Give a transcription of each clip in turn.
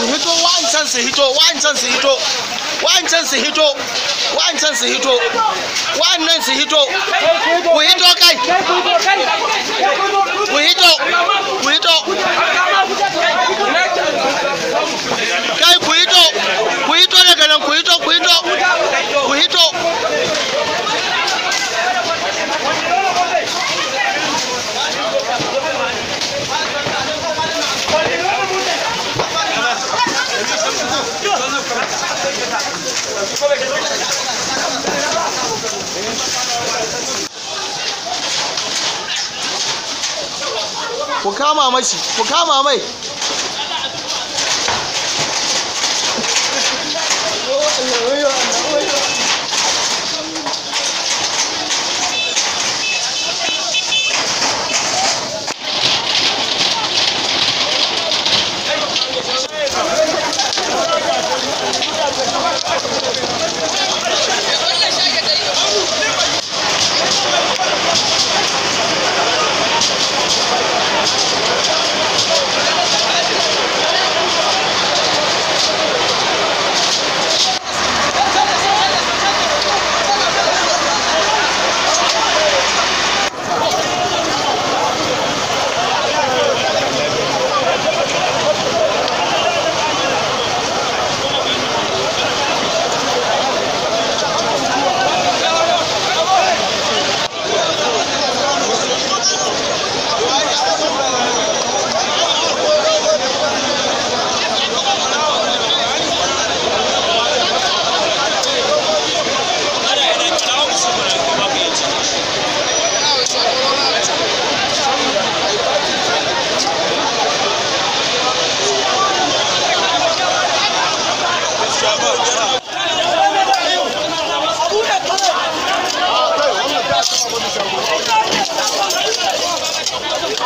su hito wa'ancan su hito wa'ancan su hito wa'ancan hito hito wa'annan su hito ku hito kai ku kama mashi ku kama mai Oh,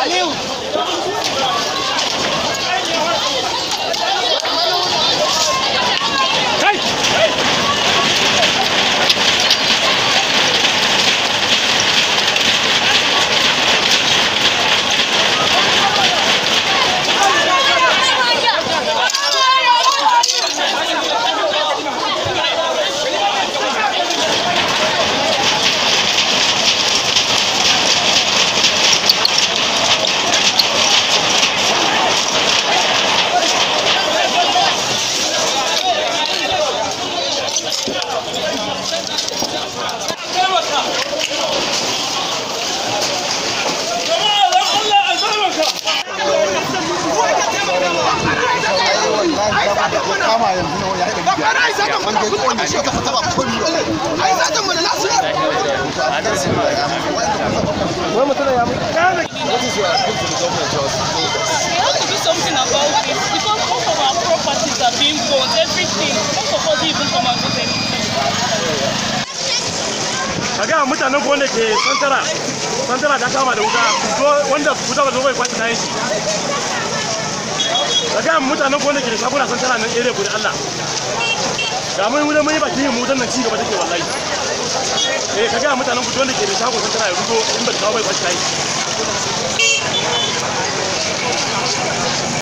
Valeu! kama yanzu na ya yi ɗan ai zatan mu da kullum da shi ka fata ba komai ai zatan mu da nasu wai mutum ya mu kare what is your appeal to the government to us we have to do something about this because most of our properties are being burned everything most of us even come and do anything mutanen ko wanda ke santara santara ta kama da wuta wanda wuta ba zo bai kwanta na yanki ka ga mutanen ko wanda ke da shaguna san tana nan ere guda Allah ga mun wurin mun yi baki mu dan nan ci gaba take wallahi eh ka ga mutanen ku wanda ke da shago san tana rugo in ba kawo bai ba shi